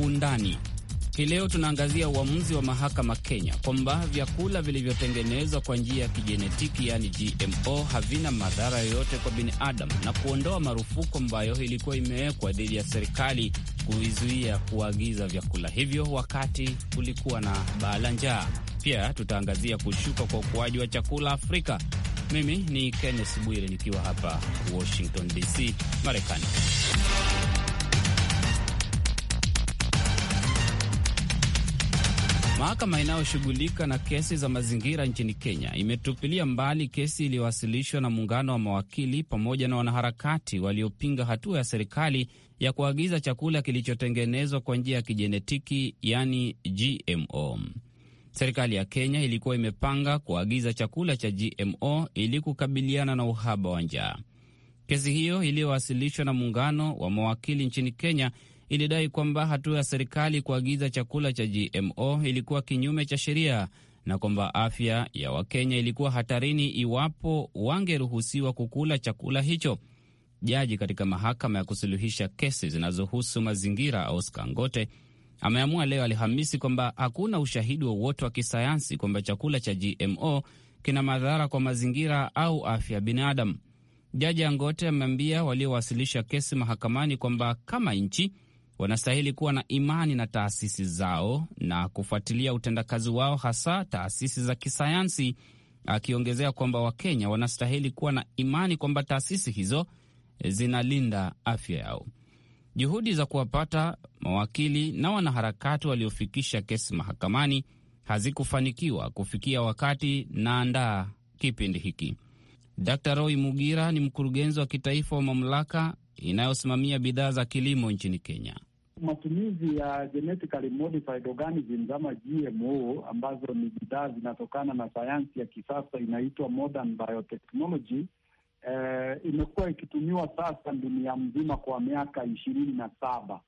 undani hii leo tunaangazia uamuzi wa mahakama Kenya kwamba vyakula vilivyotengenezwa kwa njia ya kijenetiki yaani GMO havina madhara yoyote kwa binadamu na kuondoa marufuku ambayo ilikuwa imewekwa dhidi ya serikali kuizuia kuagiza vyakula hivyo wakati kulikuwa na baa la njaa. Pia tutaangazia kushuka kwa ukuaji wa chakula Afrika. Mimi ni Kenneth Bwire nikiwa hapa Washington DC, Marekani. Mahakama inayoshughulika na kesi za mazingira nchini Kenya imetupilia mbali kesi iliyowasilishwa na muungano wa mawakili pamoja na wanaharakati waliopinga hatua ya serikali ya kuagiza chakula kilichotengenezwa kwa njia ya kijenetiki, yani GMO. Serikali ya Kenya ilikuwa imepanga kuagiza chakula cha GMO ili kukabiliana na uhaba wa njaa. Kesi hiyo iliyowasilishwa na muungano wa mawakili nchini Kenya ilidai kwamba hatua ya serikali kuagiza chakula cha GMO ilikuwa kinyume cha sheria na kwamba afya ya Wakenya ilikuwa hatarini iwapo wangeruhusiwa kukula chakula hicho. Jaji katika mahakama ya kusuluhisha kesi zinazohusu mazingira Oscar Ngote ameamua leo Alhamisi kwamba hakuna ushahidi wowote wa kisayansi kwamba chakula cha GMO kina madhara kwa mazingira au afya ya binadamu. Jaji Angote ameambia waliowasilisha kesi mahakamani kwamba kama nchi wanastahili kuwa na imani na taasisi zao na kufuatilia utendakazi wao, hasa taasisi za kisayansi, akiongezea kwamba Wakenya wanastahili kuwa na imani kwamba taasisi hizo zinalinda afya yao. Juhudi za kuwapata mawakili na wanaharakati waliofikisha kesi mahakamani hazikufanikiwa kufikia wakati naandaa kipindi hiki. Dr Roy Mugira ni mkurugenzi wa kitaifa wa mamlaka inayosimamia bidhaa za kilimo nchini Kenya matumizi ya genetically modified organisms ama GMO ambazo ni bidhaa zinatokana na sayansi ya kisasa inaitwa modern biotechnology eh, imekuwa ikitumiwa sasa dunia mzima kwa miaka ishirini na saba.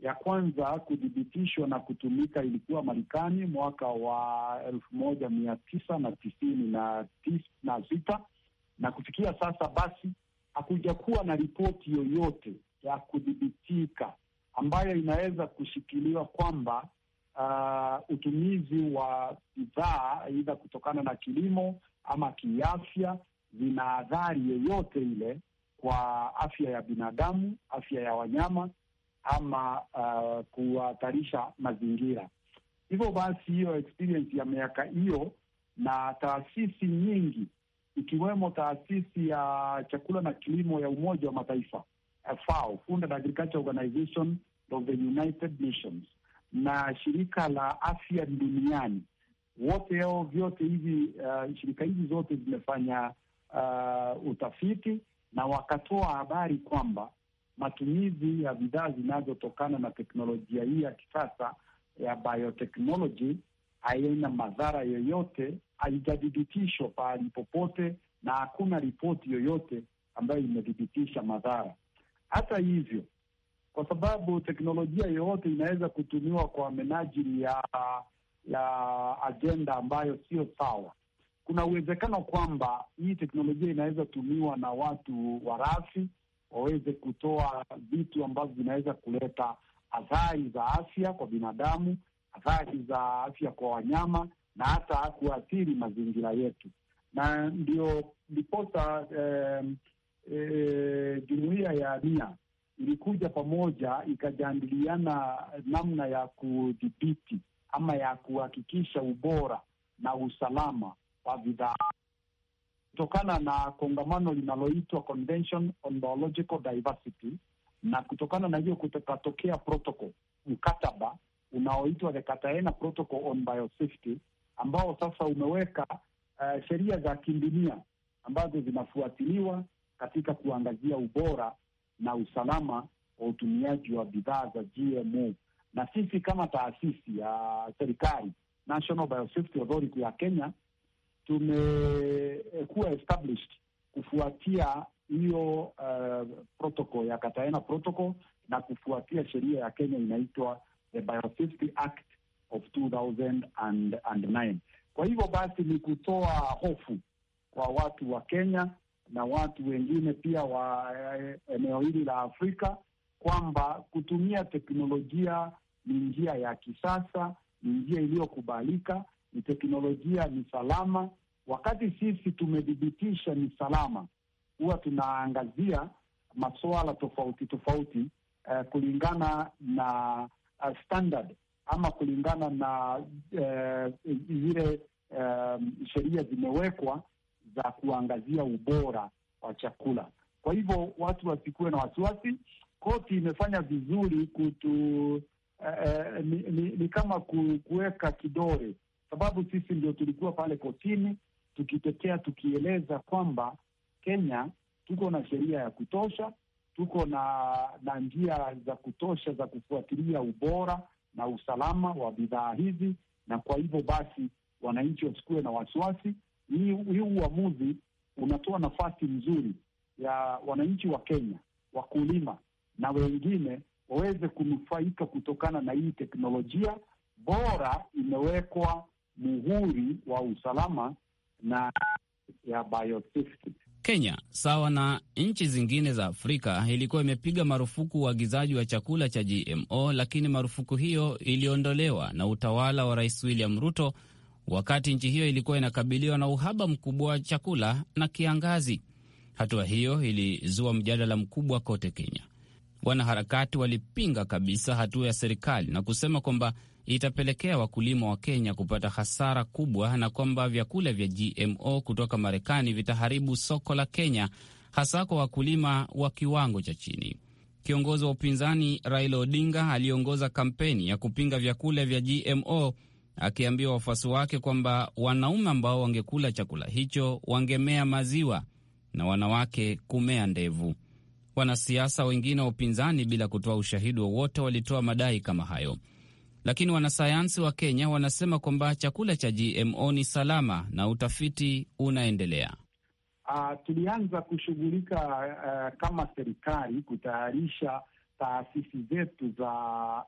Ya kwanza kudhibitishwa na kutumika ilikuwa Marekani mwaka wa elfu moja mia tisa na tisini na tis, na sita na kufikia sasa basi hakuja kuwa na ripoti yoyote ya kudhibitika ambayo inaweza kushikiliwa kwamba uh, utumizi wa bidhaa aidha kutokana na kilimo ama kiafya zina adhari yoyote ile kwa afya ya binadamu, afya ya wanyama ama uh, kuhatarisha mazingira. Hivyo basi hiyo experience ya miaka hiyo na taasisi nyingi ikiwemo taasisi ya chakula na kilimo ya Umoja wa Mataifa FAO, Food and Agriculture Organization of the United Nations na shirika la afya duniani, wote hao vyote hivi uh, shirika hizi zote zimefanya uh, utafiti na wakatoa habari kwamba matumizi ya bidhaa zinazotokana na teknolojia hii ya kisasa ya biotechnology haina madhara yoyote, haijadhibitishwa pahali popote, na hakuna ripoti yoyote ambayo imedhibitisha madhara. Hata hivyo, kwa sababu teknolojia yoyote inaweza kutumiwa kwa menajili ya ya ajenda ambayo sio sawa, kuna uwezekano kwamba hii teknolojia inaweza tumiwa na watu warafi waweze kutoa vitu ambavyo vinaweza kuleta athari za afya kwa binadamu, athari za afya kwa wanyama na hata kuathiri mazingira yetu, na ndio ndiposa eh, e, jumuiya ya mia ilikuja pamoja ikajadiliana namna ya kudhibiti ama ya kuhakikisha ubora na usalama wa bidhaa kutokana na kongamano linaloitwa Convention on Biological Diversity, na kutokana na hiyo kutakatokea protocol, mkataba unaoitwa the Cartagena Protocol on Biosafety, ambao sasa umeweka uh, sheria za kidunia ambazo zinafuatiliwa katika kuangazia ubora na usalama wa utumiaji wa bidhaa za GMO. Na sisi kama taasisi ya serikali National Biosafety Authority ya Kenya tumekuwa established kufuatia hiyo uh, protocol ya Cartagena protocol na kufuatia sheria ya Kenya inaitwa the Biosafety Act of 2009. Kwa hivyo basi ni kutoa hofu kwa watu wa Kenya na watu wengine pia wa eh, eneo hili la Afrika kwamba kutumia teknolojia ni njia ya kisasa, ni njia iliyokubalika, ni teknolojia, ni salama. Wakati sisi tumethibitisha ni salama, huwa tunaangazia masuala tofauti tofauti uh, kulingana na uh, standard ama kulingana na zile zile eh, sheria zimewekwa za kuangazia ubora wa chakula. Kwa hivyo watu wasikuwe na wasiwasi. Koti imefanya vizuri kutu eh, eh ni, ni, ni kama kuweka kidore sababu sisi ndio tulikuwa pale kotini tukitetea tukieleza kwamba Kenya tuko na sheria ya kutosha, tuko na na njia za kutosha za kufuatilia ubora na usalama wa bidhaa hizi, na kwa hivyo basi wananchi wasikuwe na wasiwasi, hii uamuzi unatoa nafasi nzuri ya wananchi wa Kenya, wakulima na wengine waweze kunufaika kutokana na hii teknolojia bora imewekwa muhuri wa usalama na ya biosafety. Kenya sawa na nchi zingine za Afrika ilikuwa imepiga marufuku uagizaji wa chakula cha GMO, lakini marufuku hiyo iliondolewa na utawala wa Rais William Ruto wakati nchi hiyo ilikuwa inakabiliwa na uhaba mkubwa wa chakula na kiangazi. Hatua hiyo ilizua mjadala mkubwa kote Kenya. Wanaharakati walipinga kabisa hatua ya serikali na kusema kwamba itapelekea wakulima wa Kenya kupata hasara kubwa na kwamba vyakula vya GMO kutoka Marekani vitaharibu soko la Kenya, hasa kwa wakulima wa kiwango cha chini. Kiongozi wa upinzani Raila Odinga aliongoza kampeni ya kupinga vyakula vya GMO akiambia wafuasi wake kwamba wanaume ambao wangekula chakula hicho wangemea maziwa na wanawake kumea ndevu. Wanasiasa wengine wa upinzani, bila kutoa ushahidi wowote, walitoa madai kama hayo, lakini wanasayansi wa Kenya wanasema kwamba chakula cha GMO ni salama na utafiti unaendelea. Uh, tulianza kushughulika uh, kama serikali kutayarisha taasisi zetu za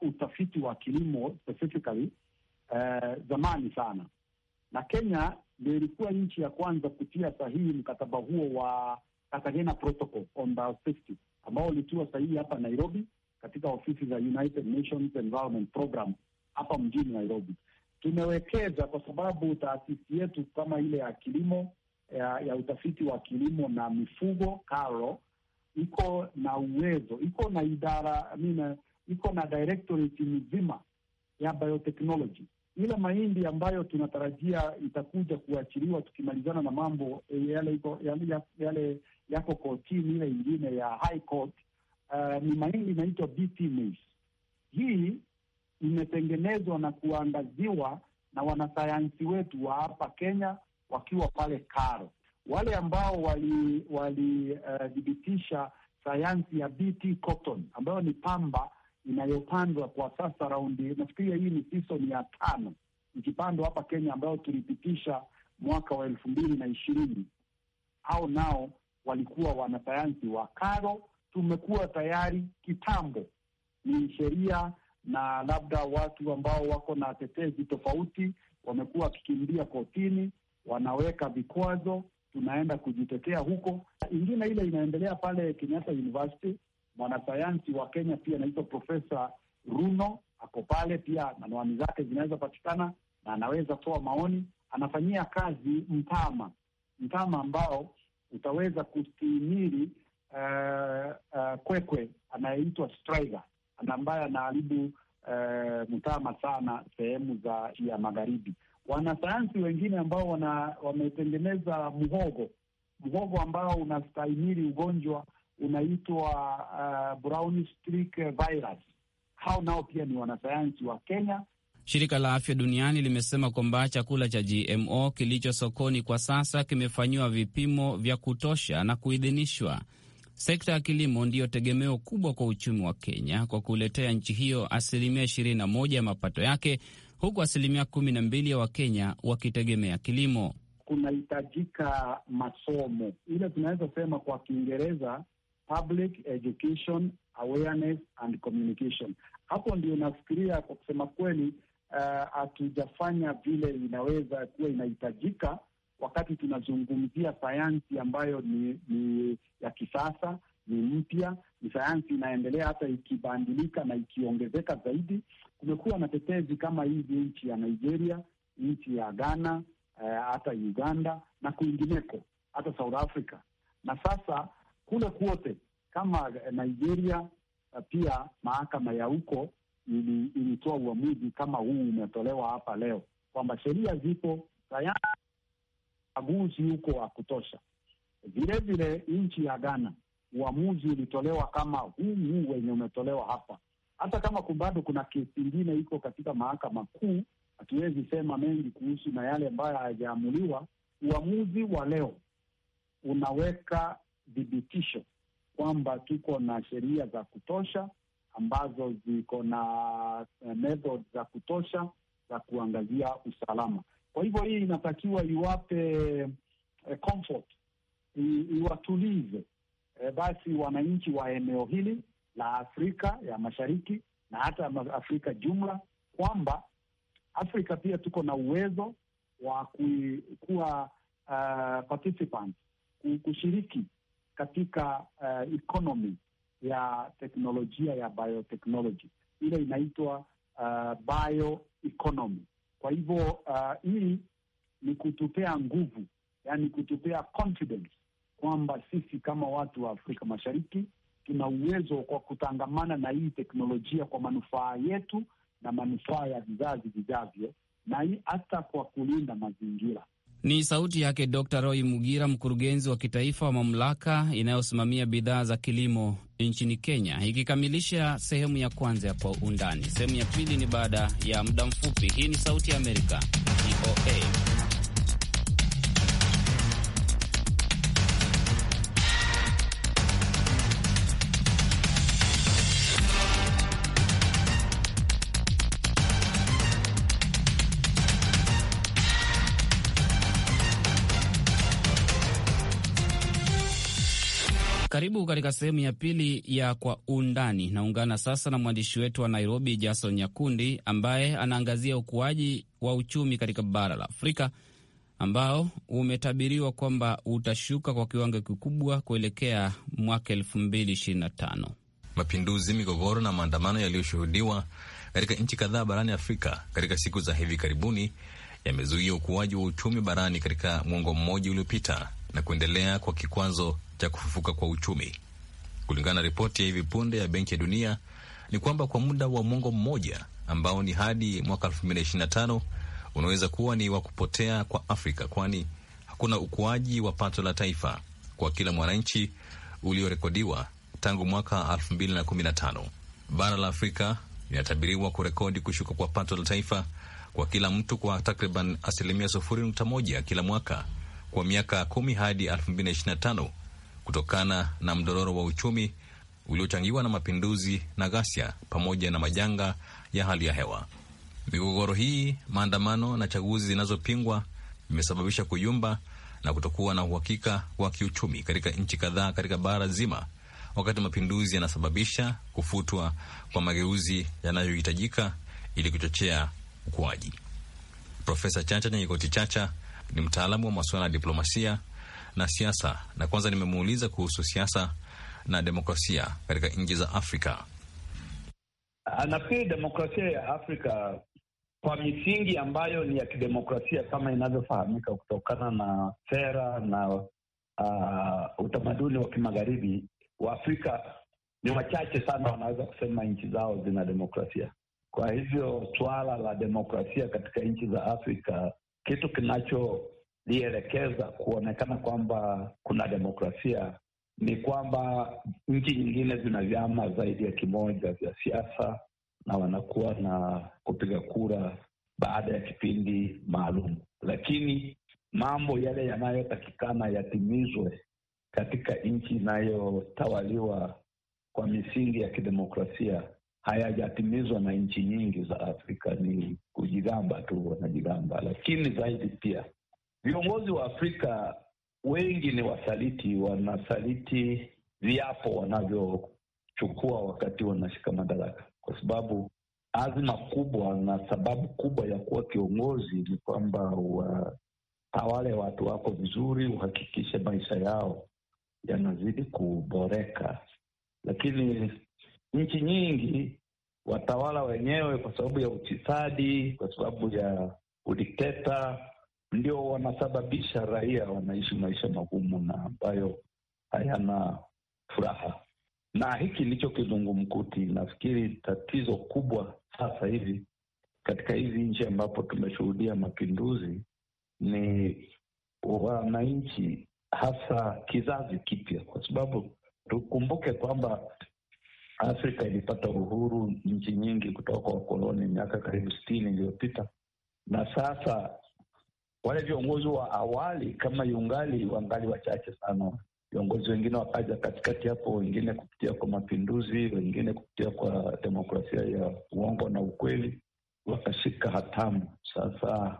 utafiti wa kilimo specifically eh, zamani sana, na Kenya ndio ilikuwa nchi ya kwanza kutia sahihi mkataba huo wa Cartagena Protocol on Biosafety ambao ulitiwa sahihi hapa Nairobi katika ofisi za United Nations Environment Program hapa mjini Nairobi. Tumewekeza kwa sababu taasisi yetu kama ile ya kilimo ya, ya utafiti wa kilimo na mifugo KALRO iko na uwezo, iko na idara mina, iko na directorate mzima ya biotechnology Ila mahindi ambayo tunatarajia itakuja kuachiliwa tukimalizana na mambo eh, yale iko, yale, yale yako kotini ile ingine ya high court uh, ni mahindi inaitwa BT maize. Hii imetengenezwa na kuangaziwa na wanasayansi wetu wa hapa Kenya wakiwa pale Karo, wale ambao walidhibitisha wali, uh, sayansi ya BT cotton ambayo ni pamba inayopandwa kwa sasa raundi, nafikiria hii ni season ya tano ikipandwa hapa Kenya, ambayo tulipitisha mwaka wa elfu mbili na ishirini. Hao nao walikuwa wanasayansi wa karo, tumekuwa tayari kitambo. Ni sheria na labda watu ambao wako na tetezi tofauti wamekuwa wakikimbia kotini, wanaweka vikwazo, tunaenda kujitetea huko. Ingine ile inaendelea pale Kenyatta University mwanasayansi wa Kenya pia anaitwa Profesa Runo, ako pale pia, na nawani zake zinaweza patikana na anaweza toa maoni. Anafanyia kazi mtama mtama ambao utaweza kustihimili uh, eh, uh, eh, kwekwe anayeitwa striga ambaye anaharibu uh, mtama sana sehemu za ya magharibi. Wanasayansi wengine ambao wana, wametengeneza mhogo mhogo ambao unastahimili ugonjwa unaitwa uh, brown streak virus. Hao nao pia ni wanasayansi wa Kenya. Shirika la Afya Duniani limesema kwamba chakula cha GMO kilicho sokoni kwa sasa kimefanyiwa vipimo vya kutosha na kuidhinishwa. Sekta ya kilimo ndiyo tegemeo kubwa kwa uchumi wa Kenya kwa kuletea nchi hiyo asilimia 21 ya mapato yake, huku asilimia 12 ya Wakenya wakitegemea kilimo. Kunahitajika masomo, ile tunaweza sema kwa Kiingereza public education, awareness and communication. Hapo ndio nafikiria kwa kusema kweli eh, hatujafanya uh, vile inaweza kuwa inahitajika wakati tunazungumzia sayansi ambayo ni, ni ya kisasa, ni mpya, ni sayansi inaendelea hata ikibadilika na ikiongezeka zaidi. Kumekuwa na tetezi kama hizi nchi ya Nigeria, nchi ya Ghana, eh, hata uh, Uganda na kwingineko, hata South Africa na sasa kule kwote kama eh, Nigeria, eh, pia mahakama ya huko ilitoa ili uamuzi kama huu umetolewa hapa leo kwamba sheria zipo tayari, aguzi huko wa kutosha. Vilevile nchi ya Ghana uamuzi ulitolewa kama huu huu wenye umetolewa hapa, hata kama bado kuna kesi ingine iko katika mahakama kuu. Hatuwezi sema mengi kuhusu na yale ambayo hayajaamuliwa. Uamuzi wa leo unaweka thibitisho kwamba tuko na sheria za kutosha ambazo ziko na eh, method za kutosha za kuangazia usalama. Kwa hivyo hii inatakiwa iwape eh, comfort iwatulize eh, basi wananchi wa eneo hili la Afrika ya Mashariki na hata Afrika jumla kwamba Afrika pia tuko na uwezo wa kuwa uh, eh, participant kushiriki katika uh, economy ya teknolojia ya biotechnology, ile inaitwa uh, eh, economy. Kwa hivyo uh, hii ni kutupea nguvu, yani kutupea confidence kwamba sisi kama watu wa Afrika Mashariki tuna uwezo kwa kutangamana na hii teknolojia kwa manufaa yetu na manufaa ya vizazi vijavyo, na hii hata kwa kulinda mazingira. Ni sauti yake Dr Roy Mugira, mkurugenzi wa kitaifa wa mamlaka inayosimamia bidhaa za kilimo nchini Kenya, ikikamilisha sehemu ya kwanza ya Kwa Undani. Sehemu ya pili ni baada ya muda mfupi. Hii ni Sauti ya Amerika, VOA. Karibu katika sehemu ya pili ya Kwa Undani. Naungana sasa na mwandishi wetu wa Nairobi, Jason Nyakundi, ambaye anaangazia ukuaji wa uchumi katika bara la Afrika ambao umetabiriwa kwamba utashuka kwa kiwango kikubwa kuelekea mwaka tano. Mapinduzi, migogoro na maandamano yaliyoshuhudiwa katika nchi kadhaa barani Afrika katika siku za hivi karibuni yamezuia ukuaji wa uchumi barani katika mwongo mmoja uliopita na kuendelea kwa kikwazo cha kufufuka kwa uchumi. Kulingana na ripoti ya hivi punde ya Benki ya Dunia ni kwamba kwa muda wa mwongo mmoja ambao ni hadi mwaka 2025 unaweza kuwa ni wa kupotea kwa Afrika, kwani hakuna ukuaji wa pato la taifa kwa kila mwananchi uliorekodiwa tangu mwaka 2015. Bara la Afrika linatabiriwa kurekodi kushuka kwa pato la taifa kwa kila mtu kwa takriban asilimia 0.1 kila mwaka kwa miaka kumi hadi 2025 kutokana na mdororo wa uchumi uliochangiwa na mapinduzi na ghasia pamoja na majanga ya hali ya hewa. Migogoro hii, maandamano na chaguzi zinazopingwa vimesababisha kuyumba na kutokuwa na uhakika wa kiuchumi katika nchi kadhaa katika bara zima, wakati mapinduzi yanasababisha kufutwa kwa mageuzi yanayohitajika ili kuchochea ukuaji. Profesa Chacha Nyaigoti Chacha ni mtaalamu wa masuala ya diplomasia na siasa, na kwanza nimemuuliza kuhusu siasa na demokrasia katika nchi za Afrika. Nafikiri demokrasia ya Afrika kwa misingi ambayo ni ya kidemokrasia kama inavyofahamika kutokana na sera na uh, utamaduni wa kimagharibi, wa afrika ni wachache sana wanaweza kusema nchi zao zina demokrasia. Kwa hivyo suala la demokrasia katika nchi za Afrika kitu kinacholielekeza kuonekana kwamba kuna demokrasia ni kwamba nchi nyingine zina vyama zaidi ya kimoja vya siasa na wanakuwa na kupiga kura baada ya kipindi maalum, lakini mambo yale yanayotakikana yatimizwe katika nchi inayotawaliwa kwa misingi ya kidemokrasia hayajatimizwa na nchi nyingi za Afrika. Ni kujigamba tu, wanajigamba. Lakini zaidi pia viongozi wa Afrika wengi ni wasaliti, wanasaliti viapo wanavyochukua wakati wanashika madaraka, kwa sababu azma kubwa na sababu kubwa ya kuwa kiongozi ni kwamba watawale watu wako vizuri, uhakikishe maisha yao yanazidi kuboreka. Lakini nchi nyingi watawala wenyewe, kwa sababu ya ufisadi, kwa sababu ya udikteta, ndio wanasababisha raia wanaishi maisha magumu na ambayo hayana furaha. Na hiki ndicho kizungumkuti. Nafikiri tatizo kubwa sasa hivi katika hizi nchi ambapo tumeshuhudia mapinduzi ni wananchi, hasa kizazi kipya, kwa sababu tukumbuke kwamba Afrika ilipata uhuru nchi nyingi kutoka kwa wakoloni miaka karibu sitini iliyopita, na sasa wale viongozi wa awali kama yungali wangali wachache sana. Viongozi wengine wakaja katikati hapo, wengine kupitia kwa mapinduzi, wengine kupitia kwa demokrasia ya uongo na ukweli, wakashika hatamu. Sasa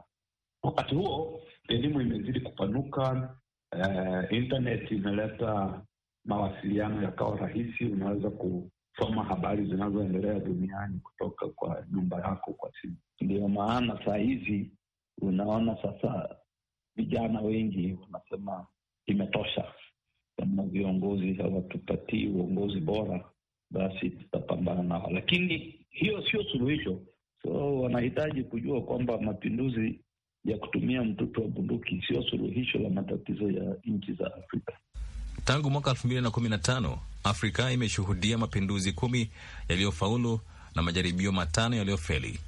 wakati huo elimu imezidi kupanuka, eh, internet imeleta mawasiliano yakawa rahisi, unaweza ku soma habari zinazoendelea duniani kutoka kwa nyumba yako kwa simu. Ndiyo maana saa hizi unaona sasa vijana wengi wanasema imetosha, kama viongozi hawatupatii uongozi bora, basi tutapambana nao, lakini hiyo sio suluhisho. So wanahitaji kujua kwamba mapinduzi ya kutumia mtutu wa bunduki sio suluhisho la matatizo ya nchi za Afrika. Tangu mwaka 2015 Afrika imeshuhudia mapinduzi kumi yaliyofaulu na majaribio matano yaliyofeli.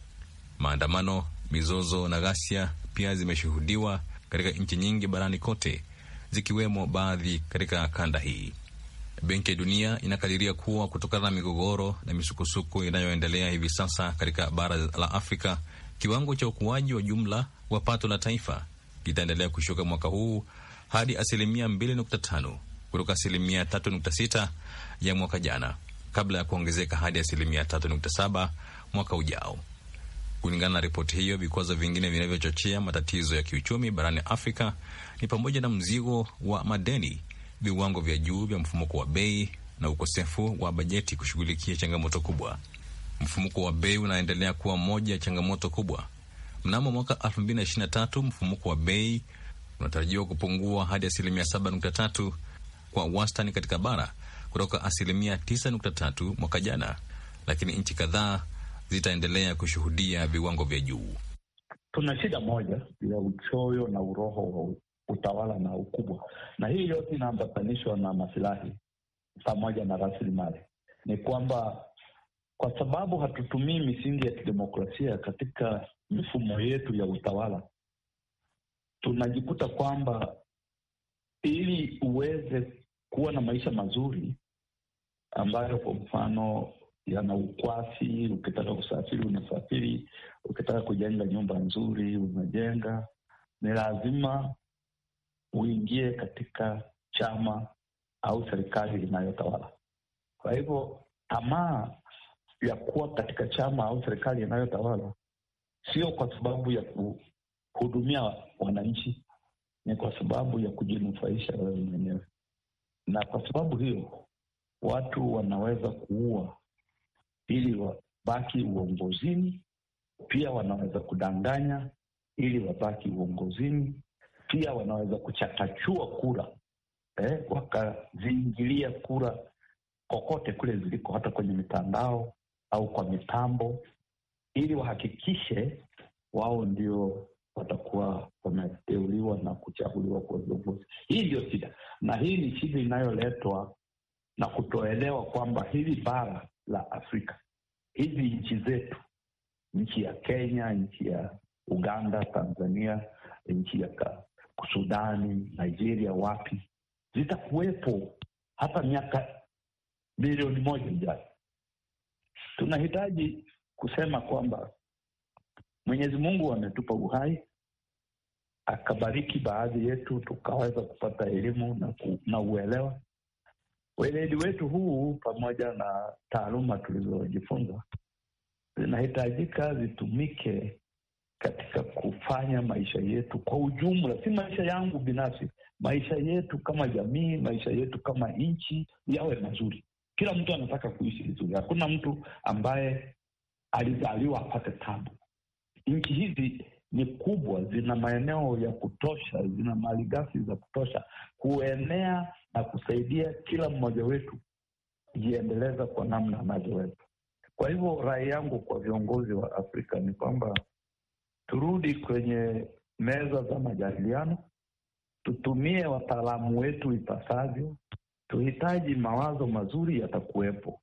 Maandamano, mizozo na ghasia pia zimeshuhudiwa katika nchi nyingi barani kote, zikiwemo baadhi katika kanda hii. Benki ya Dunia inakadiria kuwa kutokana na migogoro na misukosuko inayoendelea hivi sasa katika bara la Afrika, kiwango cha ukuaji wa jumla wa pato la taifa kitaendelea kushuka mwaka huu hadi asilimia kutoka asilimia tatu nukta sita ya mwaka jana kabla ya kuongezeka hadi asilimia tatu nukta saba mwaka ujao. Kulingana na ripoti hiyo, vikwazo vingine vinavyochochea matatizo ya kiuchumi barani Afrika ni pamoja na mzigo wa madeni, viwango vya juu vya mfumuko wa bei na ukosefu wa bajeti kushughulikia changamoto kubwa. Mfumuko wa bei unaendelea kuwa moja ya changamoto kubwa. Mnamo mwaka 2023 mfumuko wa bei unatarajiwa kupungua hadi asilimia 7.3 kwa wastani katika bara kutoka asilimia 9.3 mwaka jana, lakini nchi kadhaa zitaendelea kushuhudia viwango vya juu. Tuna shida moja ya uchoyo na uroho wa utawala na ukubwa, na hii yote inaambatanishwa na masilahi pamoja na rasilimali. Ni kwamba kwa sababu hatutumii misingi ya kidemokrasia katika mifumo yetu ya utawala, tunajikuta kwamba ili uweze kuwa na maisha mazuri ambayo kwa mfano yana ukwasi. Ukitaka kusafiri unasafiri, ukitaka kujenga nyumba nzuri unajenga. Ni lazima uingie katika chama au serikali inayotawala. Kwa hivyo, tamaa ya kuwa katika chama au serikali inayotawala sio kwa sababu ya kuhudumia wananchi, ni kwa sababu ya kujinufaisha wewe mwenyewe na kwa sababu hiyo watu wanaweza kuua ili wabaki uongozini, pia wanaweza kudanganya ili wabaki uongozini, pia wanaweza kuchakachua kura eh, wakaziingilia kura kokote kule ziliko, hata kwenye mitandao au kwa mitambo, ili wahakikishe wao ndio watakuwa wameteuliwa na kuchaguliwa kwa viongozi. Hii ndio shida, na hii ni shida inayoletwa na kutoelewa kwamba hili bara la Afrika, hizi nchi zetu, nchi ya Kenya, nchi ya Uganda, Tanzania, nchi ya Sudani, Nigeria, wapi zitakuwepo hata miaka milioni moja ijayo. Tunahitaji kusema kwamba Mwenyezi Mungu ametupa uhai, akabariki baadhi yetu tukaweza kupata elimu na, ku, na uelewa. Weledi wetu huu pamoja na taaluma tulizojifunza zinahitajika zitumike katika kufanya maisha yetu kwa ujumla, si maisha yangu binafsi, maisha yetu kama jamii, maisha yetu kama nchi yawe mazuri. Kila mtu anataka kuishi vizuri, hakuna mtu ambaye alizaliwa apate tabu nchi hizi ni kubwa, zina maeneo ya kutosha, zina malighafi za kutosha kuenea na kusaidia kila mmoja wetu kujiendeleza kwa namna anavyoweza. Kwa hivyo rai yangu kwa viongozi wa Afrika ni kwamba turudi kwenye meza za majadiliano, tutumie wataalamu wetu ipasavyo. Tuhitaji mawazo mazuri, yatakuwepo.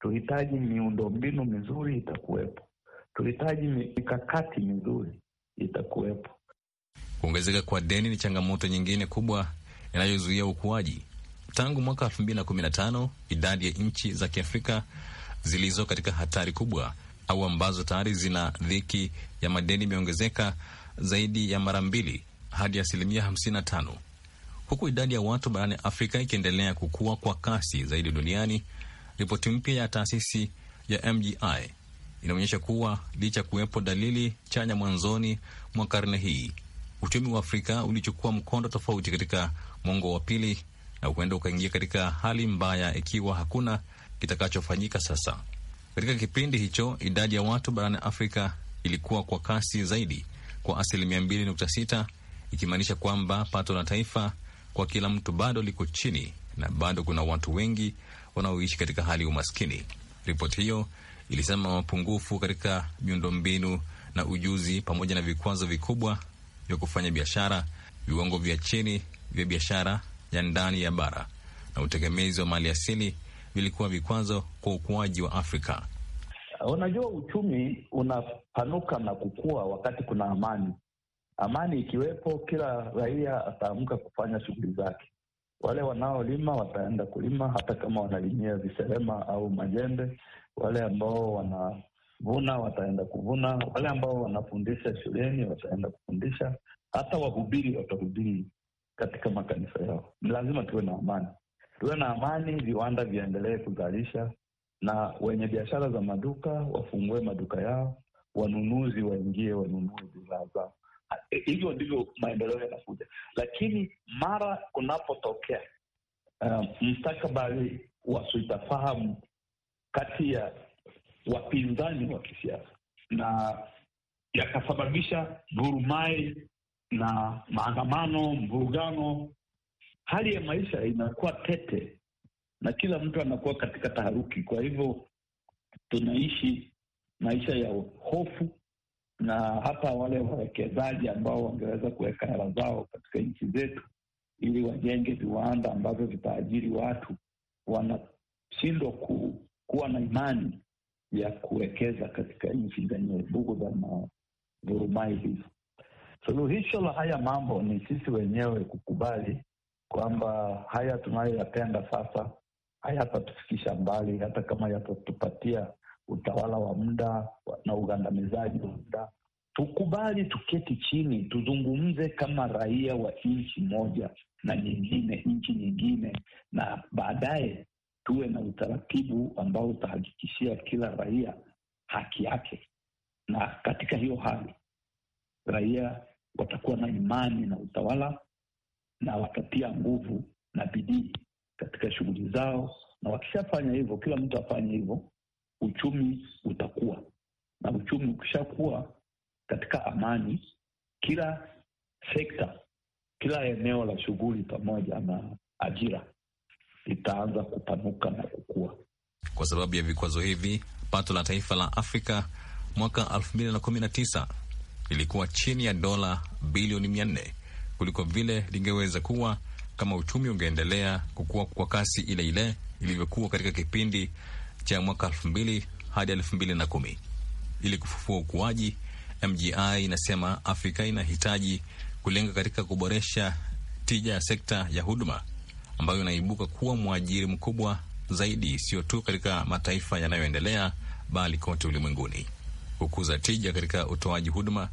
Tuhitaji miundombinu mizuri, itakuwepo. Tunahitaji mikakati mizuri itakuwepo. Kuongezeka kwa deni ni changamoto nyingine kubwa inayozuia ukuaji. Tangu mwaka elfu mbili na kumi na tano idadi ya nchi za Kiafrika zilizo katika hatari kubwa au ambazo tayari zina dhiki ya madeni imeongezeka zaidi ya mara mbili hadi asilimia hamsini na tano huku idadi ya watu barani Afrika ikiendelea kukua kwa kasi zaidi duniani. Ripoti mpya ya taasisi ya MGI inaonyesha kuwa licha kuwepo dalili chanya mwanzoni mwa karne hii, uchumi wa Afrika ulichukua mkondo tofauti katika mwongo wa pili na huenda ukaingia katika hali mbaya ikiwa hakuna kitakachofanyika sasa. Katika kipindi hicho idadi ya watu barani Afrika ilikuwa kwa kasi zaidi kwa asilimia 2.6 ikimaanisha kwamba pato la taifa kwa kila mtu bado liko chini na bado kuna watu wengi wanaoishi katika hali ya umaskini. Ripoti hiyo ilisema mapungufu katika miundombinu na ujuzi pamoja na vikwazo vikubwa vya kufanya biashara, viwango vya chini vya biashara ya ndani ya bara na utegemezi wa mali asili vilikuwa vikwazo kwa ukuaji wa Afrika. Uh, unajua, uchumi unapanuka na kukua wakati kuna amani. Amani ikiwepo, kila raia ataamka kufanya shughuli zake. Wale wanaolima wataenda kulima, hata kama wanalimia viserema au majembe, wale ambao wanavuna wataenda kuvuna, wale ambao wanafundisha shuleni wataenda kufundisha, hata wahubiri watahubiri katika makanisa yao. Ni lazima tuwe na amani, tuwe na amani, viwanda viendelee kuzalisha, na wenye biashara za maduka wafungue maduka yao, wanunuzi waingie, wanunue bidhaa zao. Hivyo ndivyo maendeleo yanakuja, lakini mara kunapotokea uh, eh, mstakabali wasitafahamu kati ya wapinzani wa kisiasa na yakasababisha vurumai na maandamano, mvurugano. Hali ya maisha inakuwa tete na kila mtu anakuwa katika taharuki. Kwa hivyo tunaishi maisha ya hofu, na hata wale wawekezaji ambao wangeweza kuweka hela zao katika nchi zetu ili wajenge viwanda ambavyo vitaajiri watu wanashindwa kuwa na imani ya kuwekeza katika nchi zenye bugu za mavurumai hizo. Suluhisho la haya mambo ni sisi wenyewe kukubali kwamba haya tunayoyapenda sasa hayatatufikisha mbali, hata kama yatatupatia utawala wa muda na ugandamizaji wa muda. Tukubali, tuketi chini, tuzungumze kama raia wa nchi moja na nyingine, nchi nyingine, na baadaye tuwe na utaratibu ambao utahakikishia kila raia haki yake, na katika hiyo hali raia watakuwa na imani na utawala na watatia nguvu na bidii katika shughuli zao, na wakishafanya hivyo, kila mtu afanye hivyo, uchumi utakuwa na uchumi. Ukishakuwa katika amani, kila sekta, kila eneo la shughuli pamoja na ajira itaanza kupanuka na kukua. Kwa sababu ya vikwazo hivi, pato la taifa la Afrika mwaka 2019 lilikuwa chini ya dola bilioni 400 kuliko vile lingeweza kuwa kama uchumi ungeendelea kukua kwa kasi ile ile ilivyokuwa katika kipindi cha mwaka 2000 hadi 2010. Ili kufufua ukuaji, MGI inasema Afrika inahitaji kulenga katika kuboresha tija ya sekta ya huduma ambayo inaibuka kuwa mwajiri mkubwa zaidi sio tu katika mataifa yanayoendelea bali kote ulimwenguni. Kukuza tija katika utoaji huduma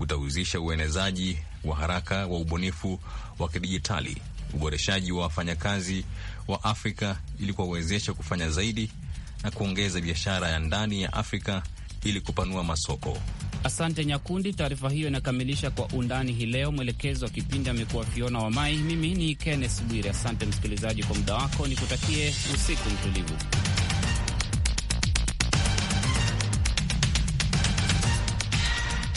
utahusisha uenezaji wa haraka wa ubunifu wa kidijitali, uboreshaji wa wafanyakazi wa Afrika ili kuwawezesha kufanya zaidi na kuongeza biashara ya ndani ya Afrika ili kupanua masoko. Asante Nyakundi, taarifa hiyo inakamilisha kwa undani hii leo. Mwelekezi wa kipindi amekuwa Fiona wa Mai, mimi ni Kenneth Bwire. Asante msikilizaji kwa muda wako, nikutakie usiku mtulivu.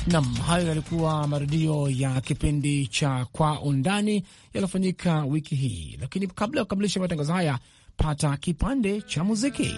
Nam, hayo yalikuwa marudio ya kipindi cha Kwa Undani yaliyofanyika wiki hii, lakini kabla ya kukamilisha matangazo haya, pata kipande cha muziki.